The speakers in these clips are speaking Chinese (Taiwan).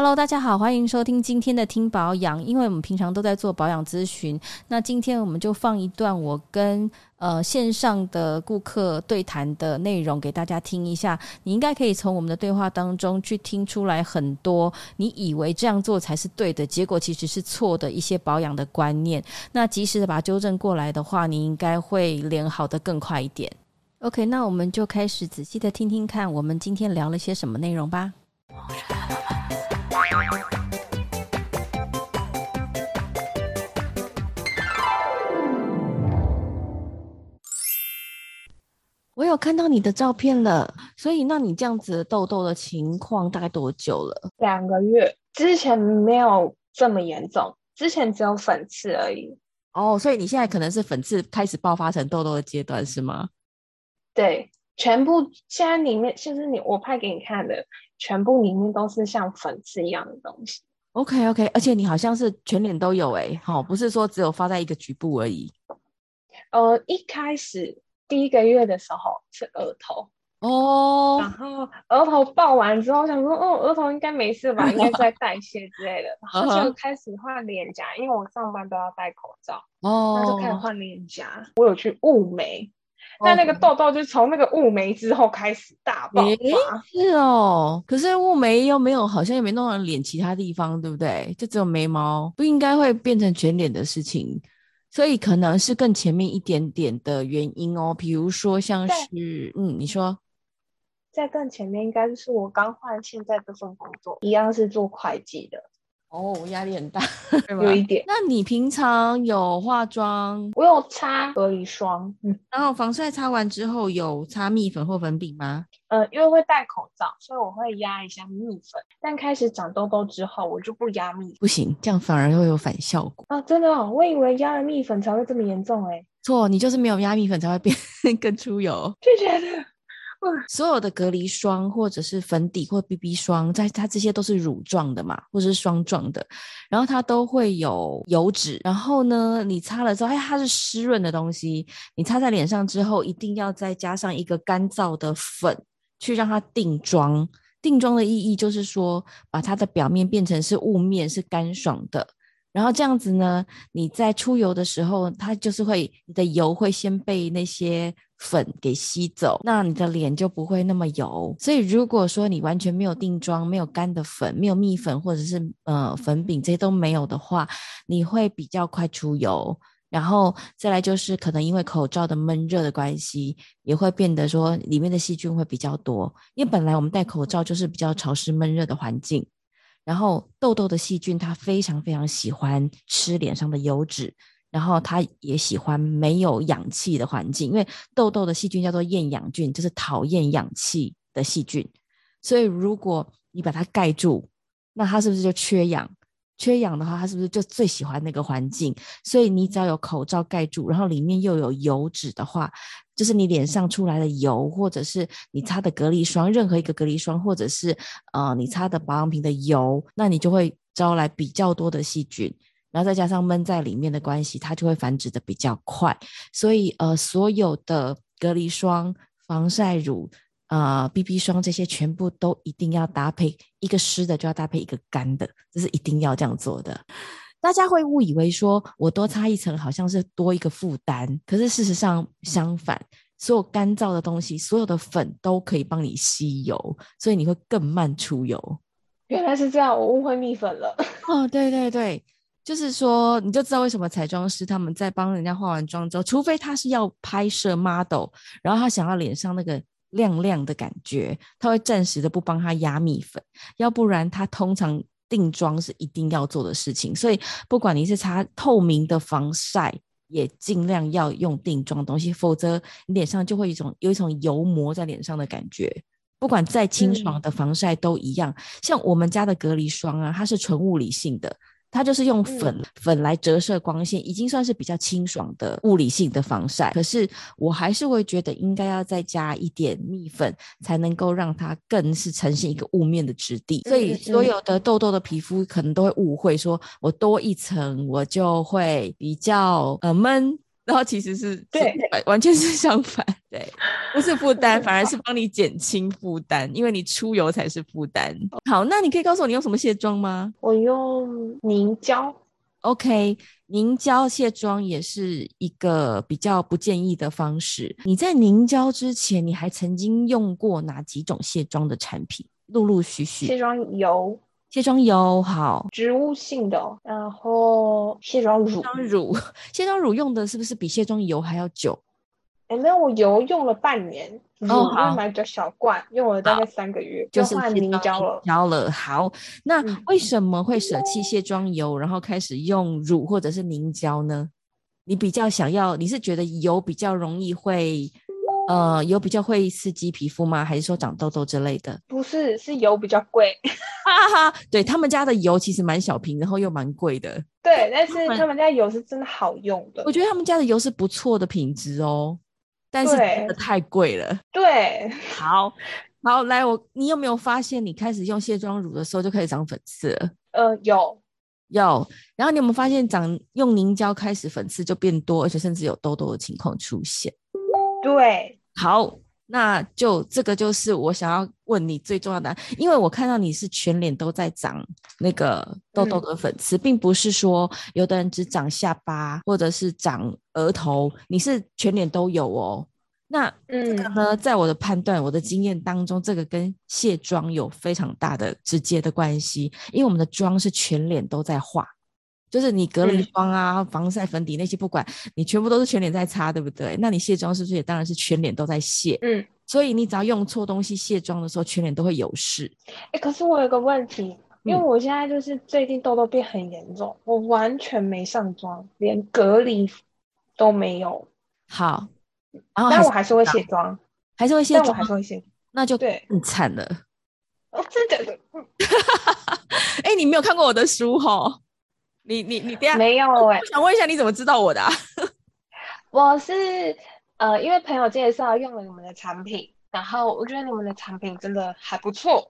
Hello，大家好，歡迎收聽今天的聽保養。因為我們平常都在做保養諮詢，那今天我們就放一段我跟呃線上的顧客對談的內容給大家聽一下。你應該可以從我們的對話當中去聽出來，很多你以為這樣做才是對的結果，其實是錯的一些保養的觀念。那及時的把它糾正過來的話，你應該會臉好得更快一點。OK，那我們就開始仔細的聽聽看，我們今天聊了些什麼內容吧。嗯我有看到你的照片了，所以那你這樣子痘痘的情況大概多久了？兩個月，之前沒有這麼嚴重，之前只有粉刺而已。哦，所以你現在可能是粉刺開始爆發成痘痘的階段，是嗎？對。全部現在裡面，其實你我拍給你看的，全部裡面都是像粉刺一樣的東西。OK OK，而且你好像是全臉都有哎、欸，好不是說只有發在一個局部而已。呃，一開始第一個月的時候是額頭哦，oh. 然後額頭爆完之後我想說，哦、嗯，額頭應該沒事吧，應該在代謝之類的，oh. 然後就開始換臉頰，因為我上班都要戴口罩哦，oh. 那就開始換臉頰，我有去霧眉。但那，那個痘痘就從那個霧眉之後開始大爆發，欸、是哦。可是霧眉又沒有，好像也沒弄到臉其他地方，對不對？就只有眉毛，不應該會變成全臉的事情，所以可能是更前面一點點的原因哦。比如說像是，對嗯，你說，在更前面應該就是我剛換現在這份工作，一樣是做會計的。哦，我壓力很大，有一點。 那你平常有化妝？我有擦隔離霜，嗯、然後防曬擦完之後有擦蜜粉或粉餅嗎？呃，因為會戴口罩，所以我會壓一下蜜粉。但開始長痘痘之後，我就不壓蜜，不行，這樣反而會有反效果啊！真的哦，我以為壓了蜜粉才會這麼嚴重誒、欸、錯，你就是沒有壓蜜粉才會變更 出油，就覺得。所有的隔離霜或者是粉底或 BB 霜，在它這些都是乳狀的嘛，或者是霜狀的，然後它都會有油脂。然後呢，你擦了之後，哎，它是濕潤的東西，你擦在臉上之後，一定要再加上一個乾燥的粉，去讓它定妝。定妝的意義就是說，把它的表面變成是霧面，是乾爽的。然後這樣子呢，你在出油的時候，它就是會你的油會先被那些。粉給吸走，那你的臉就不會那麼油。所以如果說你完全沒有定妝、沒有乾的粉、沒有蜜粉或者是呃粉餅這些都沒有的話，你會比較快出油。然後再來就是，可能因為口罩的悶熱的關係，也會變得說裡面的細菌會比較多。因為本來我們戴口罩就是比較潮濕悶熱的環境，然後痘痘的細菌它非常非常喜歡吃臉上的油脂。然後他也喜歡沒有氧氣的環境，因為痘痘的細菌叫做厭氧菌，就是討厭氧氣的細菌。所以如果你把它蓋住，那它是不是就缺氧？缺氧的話，它是不是就最喜歡那個環境？所以你只要有口罩蓋住，然後裡面又有油脂的話，就是你臉上出來的油，或者是你擦的隔離霜，任何一個隔離霜，或者是呃你擦的保養品的油，那你就會招來比較多的細菌。然後再加上悶在裡面的關係，它就會繁殖的比較快。所以呃，所有的隔離霜、防曬乳、啊、呃、BB 霜這些，全部都一定要搭配一個濕的，就要搭配一個乾的，這是一定要這樣做的。大家會誤以為說我多擦一層好像是多一個負擔，可是事實上相反，所有乾燥的東西，所有的粉都可以幫你吸油，所以你會更慢出油。原來是這樣，我誤會蜜粉了。哦，對對對。就是說，你就知道為什麼彩妝師他們在幫人家化完妝之後，除非他是要拍攝 model，然後他想要臉上那個亮亮的感覺，他會暫時的不幫他壓蜜粉，要不然他通常定妝是一定要做的事情。所以，不管你是擦透明的防曬，也盡量要用定妝東西，否則你臉上就會有一種有一種油膜在臉上的感覺。不管再清爽的防曬都一樣，嗯、像我們家的隔離霜啊，它是純物理性的。它就是用粉，嗯、粉來折射光線，已經算是比較清爽的物理性的防曬。可是我還是會覺得應該要再加一點蜜粉，才能夠讓它更是呈現一個霧面的質地。嗯、所以所有的痘痘的皮膚可能都會誤會說，我多一層我就會比較呃悶。然後其實是對是，完全是相反，對，不是負擔，反而是幫你減輕負擔， 因為你出油才是負擔。好，那你可以告訴我你用什麼卸妝嗎？我用凝膠。OK，凝膠卸妝也是一個比較不建議的方式。你在凝膠之前，你還曾經用過哪幾種卸妝的產品？陸陸續續，卸妝油。卸妝油好，植物性的，然後卸妝乳。卸妝乳，卸妝乳， 卸妝乳用的是不是比卸妝油還要久？哎、欸，沒有，我油用了半年，哦、嗯，好，我買個小罐，哦、用了大概三個月，好就，換就是凝膠了。凝膠了，好，那為什麼會捨棄卸妝油，嗯、然後開始用乳或者是凝膠呢？你比較想要，你是覺得油比較容易會？呃，油比較會刺激皮膚嗎？還是說長痘痘之類的？不是，是油比較貴。哈哈哈，對，他們家的油其實蠻小瓶，然後又蠻貴的。對，但是他們家的油是真的好用的。我覺得他們家的油是不錯的品質哦，但是真的太貴了。對。對，好，好來，我，你有沒有發現你開始用卸妝乳的時候就開始長粉刺？呃，有，有。然後你有沒有發現長用凝膠開始粉刺就變多，而且甚至有痘痘的情況出現？對。好，那就這個就是我想要問你最重要的，因為我看到你是全臉都在長那個痘痘的粉刺，嗯、並不是說有的人只長下巴或者是長額頭，你是全臉都有哦。那嗯，這個呢，在我的判斷、我的經驗當中，這個跟卸妝有非常大的直接的關係，因為我們的妝是全臉都在化。就是你隔離霜啊、嗯、防曬、粉底那些，不管你全部都是全臉在擦，對不對？那你卸妝是不是也當然是全臉都在卸？嗯，所以你只要用錯東西卸妝的時候，全臉都會有事。哎、欸，可是我有個問題，嗯、因為我現在就是最近痘痘變很嚴重，我完全沒上妝，連隔離都沒有。好，然後但我還是會卸妝，還是會卸妝，我還是會卸。那就對，你慘了。哦，真的，哎，你沒有看過我的書齁？你你你不要。沒有哎、欸，我想問一下，你怎麼知道我的啊？我是呃，因為朋友介紹用了你們的產品，然後我覺得你們的產品真的還不錯，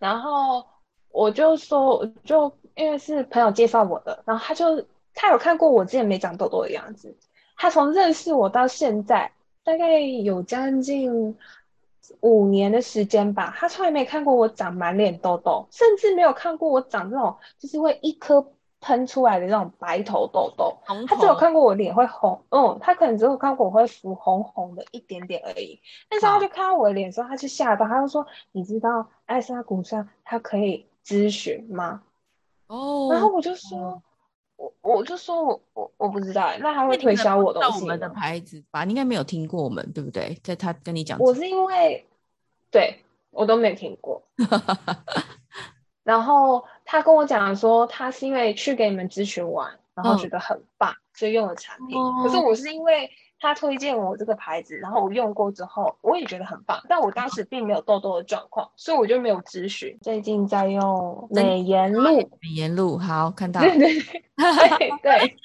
然後我就說，就因為是朋友介紹我的，然後他就他有看過我之前沒長痘痘的樣子，他從認識我到現在大概有將近五年的時間吧，他從來沒看過我長滿臉痘痘，甚至沒有看過我長這種，就是會一顆。噴出來的那種白頭痘痘，紅紅他只有看過我臉會紅，嗯，他可能只有看過我會浮紅紅的一點點而已。但是他就看到我臉之後，啊、他就嚇到，他就說：“你知道艾莎古薩，他可以諮詢嗎？”哦、然後我就說：“我我就說我我不知道。”那他會推銷我東西？我們的牌子吧？你應該沒有聽過我們，對不對？在他跟你講，我是因為，對我都沒聽過。 然後他跟我講說，他是因為去給你們諮詢完，嗯、然後覺得很棒，所以用了產品。嗯、可是我是因為。他推薦我這個牌子，然後我用過之後，我也覺得很棒。但我當時並沒有痘痘的狀況，哦、所以我就沒有諮詢。最近在用美顏露、嗯嗯，美顏露，好，看到了 對。對對對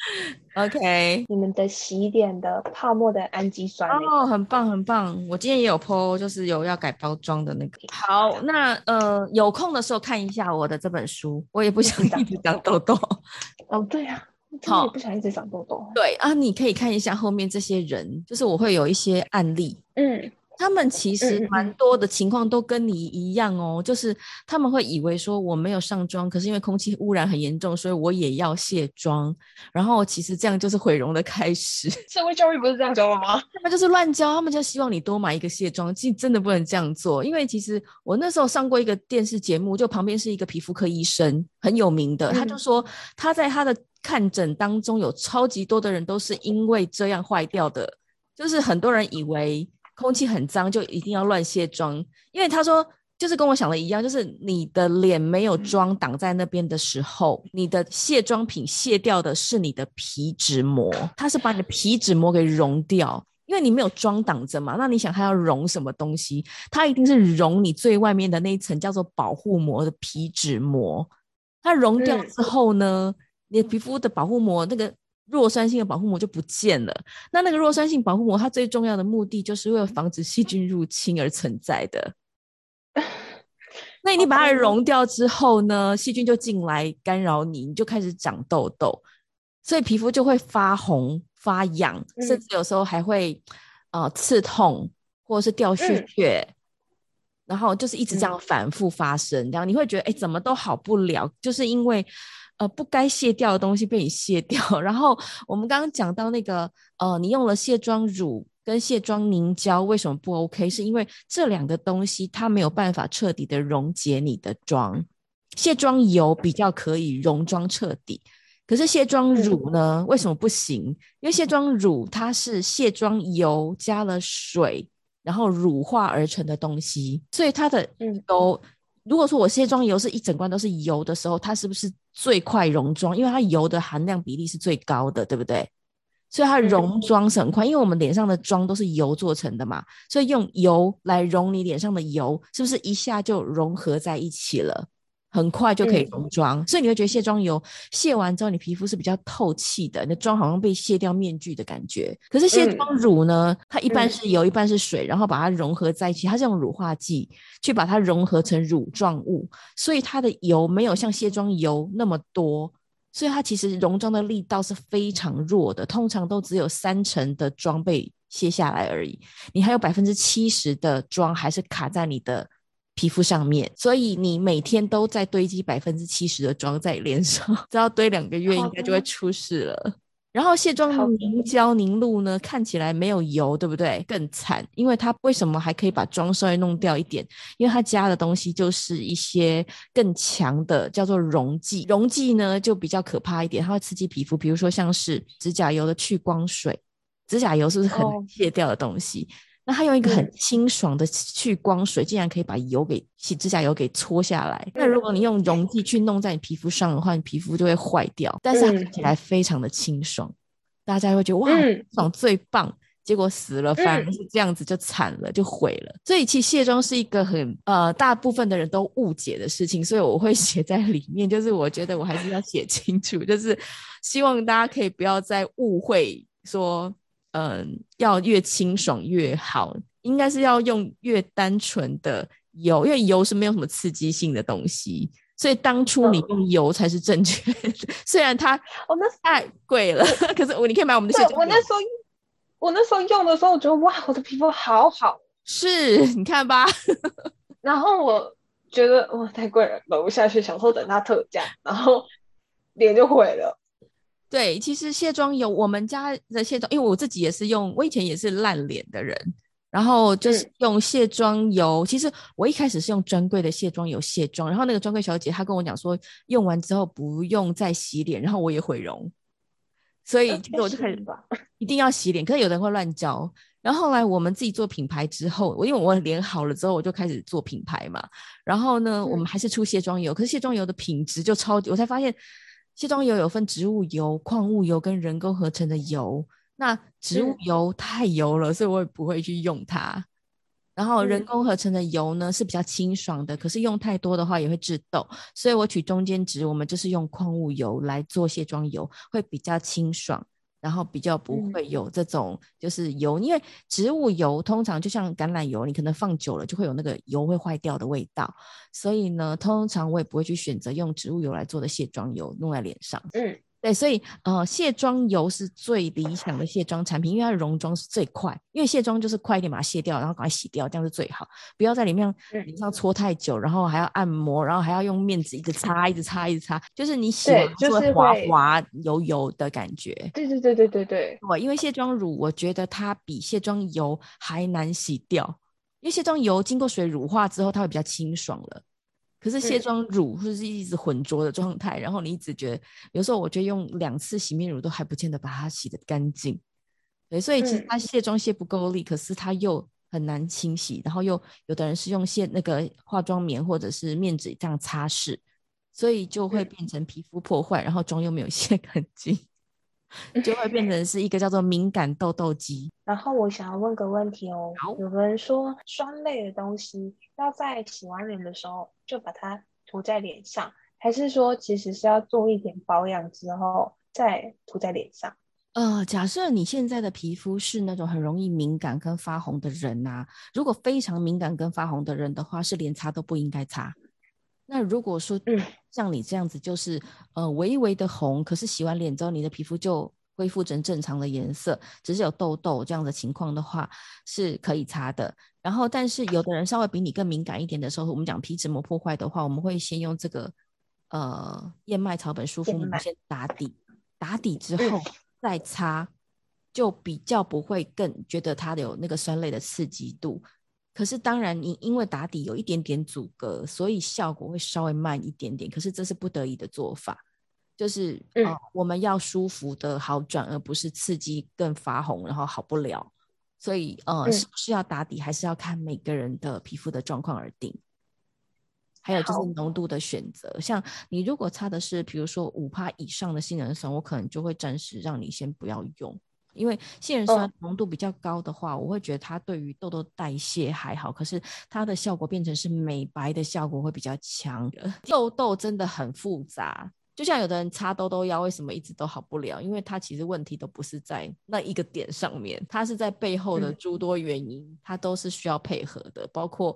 OK 你們的洗臉的泡沫的氨基酸哦、那個，oh, 很棒很棒。我今天也有 PO 就是有要改包裝的那個。好，那呃有空的時候看一下我的這本書，我也不想、嗯嗯嗯、一直講痘痘。哦、 oh, 啊，對呀。好，他也不想一直長痘痘。對啊，你可以看一下後面這些人，就是我會有一些案例。嗯，他們其實蠻多的情況都跟你一樣哦，嗯，就是他們會以為說我沒有上妝，可是因為空氣污染很嚴重，所以我也要卸妝。然後其實這樣就是毀容的開始。社會教育不是這樣教的嗎？他們就是亂教，他們就希望你多買一個卸妝，其實真的不能這樣做。因為其實我那時候上過一個電視節目，就旁邊是一個皮膚科醫生，很有名的，他就說他在他的。看診當中有超級多的人都是因為這樣壞掉的，就是很多人以為空氣很髒就一定要亂卸妝，因為他說就是跟我想的一樣，就是你的臉沒有妝擋在那邊的時候，你的卸妝品卸掉的是你的皮脂膜，它是把你的皮脂膜給溶掉，因為你沒有妝擋着嘛，那你想它要溶什麼東西？它一定是溶你最外面的那一層叫做保護膜的皮脂膜，它溶掉之後呢？嗯。你皮膚的保護膜，那個弱酸性的保護膜就不見了。那那個弱酸性保護膜，它最重要的目的就是為了防止細菌入侵而存在的。 那你把它溶掉之後呢， 細菌就進來干擾你，你就開始長痘痘，所以皮膚就會發紅、發癢，嗯、甚至有時候還會呃刺痛，或者是掉屑屑，嗯、然後就是一直這樣反复發生，這樣、嗯、你會覺得哎、欸、怎麼都好不了，就是因為。呃，不該卸掉的東西被你卸掉，然後我們剛剛講到那個，呃，你用了卸妝乳跟卸妝凝膠為什麼不 OK？是因為這兩個東西它沒有辦法徹底的溶解你的妝，卸妝油比較可以溶妝徹底，可是卸妝乳呢，嗯、為什麼不行？因為卸妝乳它是卸妝油加了水然後乳化而成的東西，所以它的都。嗯如果說我卸妝油是一整罐都是油的時候，它是不是最快溶妝？因為它油的含量比例是最高的，對不對？所以它溶妝是很快，因為我們臉上的妝都是油做成的嘛，所以用油來溶你臉上的油，是不是一下就融合在一起了？很快就可以融妝，嗯、所以你會覺得卸妝油卸完之後，你皮膚是比較透氣的，你的妝好像被卸掉面具的感覺。可是卸妝乳呢，嗯、它一半是油，一半是水，然後把它融合在一起，它是用乳化劑去把它融合成乳狀物，所以它的油沒有像卸妝油那麼多，所以它其實融妝的力道是非常弱的，通常都只有三成的妝被卸下來而已，你還有百分之七十的妝還是卡在你的皮膚上面，所以你每天都在堆積百分之七十的妝在臉上，只要堆兩個月，應該就會出事了。Oh. 然後卸妝凝膠凝露呢，看起來沒有油，對不對？更慘，因為它為什麼還可以把妝稍微弄掉一點？因為它加的東西就是一些更強的叫做溶劑，溶劑呢就比較可怕一點，它會刺激皮膚。比如說像是指甲油的去光水，指甲油是不是很難卸掉的東西？Oh. 那它用一個很清爽的去光水，竟然可以把油給洗指甲油給搓下來。那如果你用溶劑去弄在你皮膚上的話，你皮膚就會壞掉。但是它看起來非常的清爽，嗯、大家會覺得哇、嗯、爽最棒，結果死了反而是這樣子就慘了，就毀了。所以其實卸妝是一個很呃大部分的人都誤解的事情，所以我會寫在裡面，就是我覺得我還是要寫清楚，就是希望大家可以不要再誤會說。嗯、呃，要越清爽越好，應該是要用越單純的油，因為油是沒有什麼刺激性的東西，所以當初你用油才是正確的。嗯、雖然它，哦，那太貴了，可是我你可以買我們的。卸妝。我那時候，我那時候用的時候，我覺得哇，我的皮膚好好，是你看吧。 然後我覺得哇，太貴了，買不下去，想說等它特價，然後臉就毀了。對，其實卸妝油，我們家的卸妝，因為我自己也是用，我以前也是爛臉的人，然後就是用卸妝油。是其實我一開始是用專櫃的卸妝油卸妝，然後那個專櫃小姐她跟我講說，用完之後不用再洗臉，然後我也毀容，所以就我就開始說一定要洗臉。可是有的人會亂教，嗯、然後後來我們自己做品牌之後，我因為我臉好了之後，我就開始做品牌嘛。然後呢，是我們還是出卸妝油，可是卸妝油的品質就超級，我才發現。卸妝油有分植物油、礦物油跟人工合成的油。那植物油太油了，是所以我也不會去用它。然後人工合成的油呢，嗯，是比較清爽的，可是用太多的話也會致痘，所以我取中間值，我們就是用礦物油來做卸妝油，會比較清爽。然後比較不會有這種，就是油，嗯、因為植物油通常就像橄欖油，你可能放久了就會有那個油會壞掉的味道，所以呢，通常我也不會去選擇用植物油來做的卸妝油弄在臉上。嗯。對，所以呃，卸妝油是最理想的卸妝產品，因為它溶妝是最快，因為卸妝就是快一點把它卸掉，然後趕快洗掉，這樣是最好，不要在裡面臉上、嗯、搓太久，然後還要按摩，然後還要用面紙一直擦，一直擦，一直擦，就是你洗完就會滑滑、就是、會油油的感覺。對對對對對對、哦，因為卸妝乳，我覺得它比卸妝油還難洗掉，因為卸妝油經過水乳化之後，它會比較清爽了。可是卸妝乳或者是一直混濁的狀態，嗯、然後你一直覺得，有時候我覺得用兩次洗面乳都還不見得把它洗得乾淨，對，所以其實它卸妝卸不夠力，可是它又很難清洗，然後又有的人是用卸那個化妝棉或者是面紙這樣擦拭，所以就會變成皮膚破壞，嗯、然後妝又沒有卸乾淨。 就會變成是一個叫做敏感痘痘肌。 然後我想要問個問題哦，好有人說酸類的東西要在洗完臉的時候就把它塗在臉上，還是說其實是要做一點保養之後再塗在臉上？呃，假設你現在的皮膚是那種很容易敏感跟發紅的人吶、啊，如果非常敏感跟發紅的人的話，是連擦都不應該擦。那如果說嗯。 像你這樣子就是，呃，微微的紅，可是洗完臉之後，你的皮膚就恢復成正常的顏色，只是有痘痘這樣的情況的話，是可以擦的。然後，但是有的人稍微比你更敏感一點的時候，我們講皮脂膜破壞的話，我們會先用這個，呃，燕麥草本舒膚乳先打底，打底之後再擦，就比較不會更覺得它有那個酸類的刺激度。可是當然，你因為打底有一點點阻隔，所以效果會稍微慢一點點。可是這是不得已的做法，就是、嗯呃、我們要舒服的好轉，而不是刺激更發紅，然後好不了。所以呃、嗯、是不是要打底，還是要看每個人的皮膚的狀況而定。還有就是濃度的選擇，好像你如果擦的是比如說五趴以上的杏仁酸，我可能就會暫時讓你先不要用。因為杏仁酸濃度比較高的話，哦、我會覺得它對於痘痘代謝還好，可是它的效果變成是美白的效果會比較強。痘痘真的很複雜，就像有的人擦痘痘藥，為什麼一直都好不了？因為它其實問題都不是在那一個點上面，它是在背後的諸多原因，嗯、它都是需要配合的，包括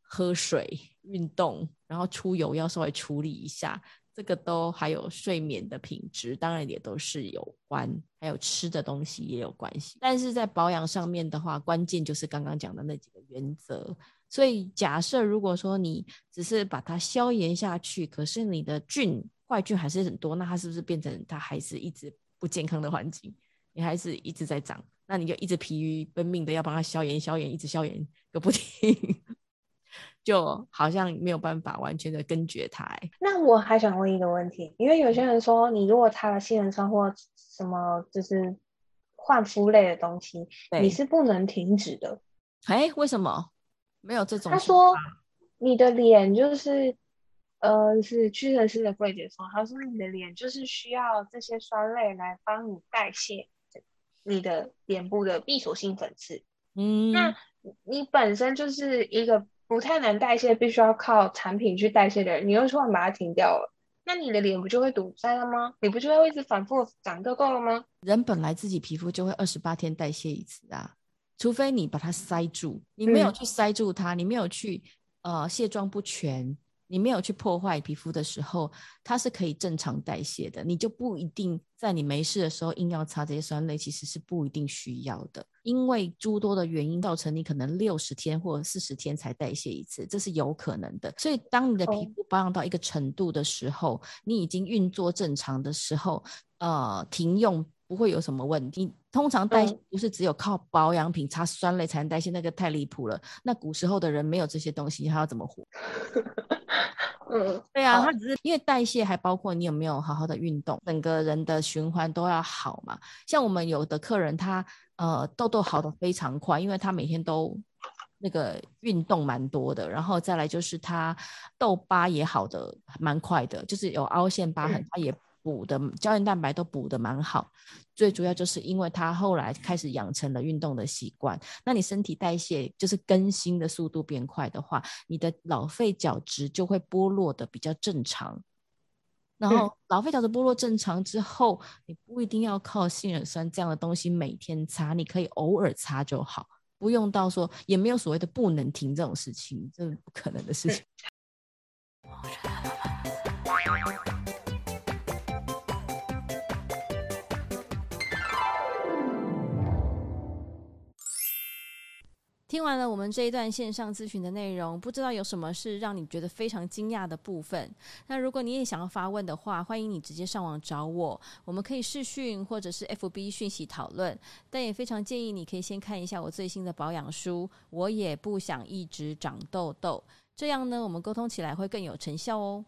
喝水、運動，然後出油要稍微處理一下。這個都還有睡眠的品質，當然也都是有關，還有吃的東西也有關係。但是在保養上面的話，關鍵就是剛剛講的那幾個原則。所以假設如果說你只是把它消炎下去，可是你的菌，壞菌還是很多，那它是不是變成它還是一直不健康的環境？你還是一直在長，那你就一直疲於奔命的要幫它消炎消炎，一直消炎個不停。 就好像沒有辦法完全的根絕它。欸。那我還想問一個問題，因為有些人說，你如果擦了杏仁酸或什麼，就是煥膚類的東西，對你是不能停止的。哎、欸，為什麼？沒有這種？他說你的臉就是，呃，是屈臣氏的櫃姐說，他說你的臉就是需要這些酸類來幫你代謝你的臉部的閉鎖性粉刺。嗯，那你本身就是一個。不太難代謝，必須要靠產品去代謝的人，你又突然把它停掉了，那你的臉不就會堵塞了嗎？你不就會一直反復長痘痘了嗎？人本來自己皮膚就會二十八天代謝一次啊，除非你把它塞住，你沒有去塞住它，嗯、你沒有去呃卸妝不全。你沒有去破壞皮膚的時候，它是可以正常代謝的。你就不一定在你沒事的時候硬要擦這些酸類，其實是不一定需要的。因為諸多的原因造成你可能六十天或四十天才代謝一次，這是有可能的。所以，當你的皮膚保養到一個程度的時候，你已經運作正常的時候，呃，停用不會有什麼問題。通常代謝不是只有靠保養品、擦酸類才能代謝，嗯、那個太離譜了。那古時候的人沒有這些東西，他要怎麼活？ 嗯，對啊，他只是因為代謝還包括你有沒有好好的運動，整個人的循環都要好嘛。像我們有的客人他，他呃痘痘好的非常快，因為他每天都那個運動蠻多的，然後再來就是他痘疤也好的蠻快的，就是有凹陷疤痕他也。嗯補的膠原蛋白都補的蠻好，最主要就是因為他後來開始養成了運動的習慣。那你身體代謝就是更新的速度變快的話，你的老廢角質就會剝落的比較正常。然後老廢角質剝落正常之後，嗯、你不一定要靠杏仁酸這樣的東西每天擦，你可以偶爾擦就好，不用到說，也沒有所謂的不能停這種事情，這不可能的事情。嗯聽完了我們這一段線上諮詢的內容，不知道有什麼是讓你覺得非常驚訝的部分？那如果你也想要發問的話，歡迎你直接上網找我，我們可以視訊或者是 FB 訊息討論。但也非常建議你可以先看一下我最新的保養書《我也不想一直長痘痘》，這樣呢我們溝通起來會更有成效哦。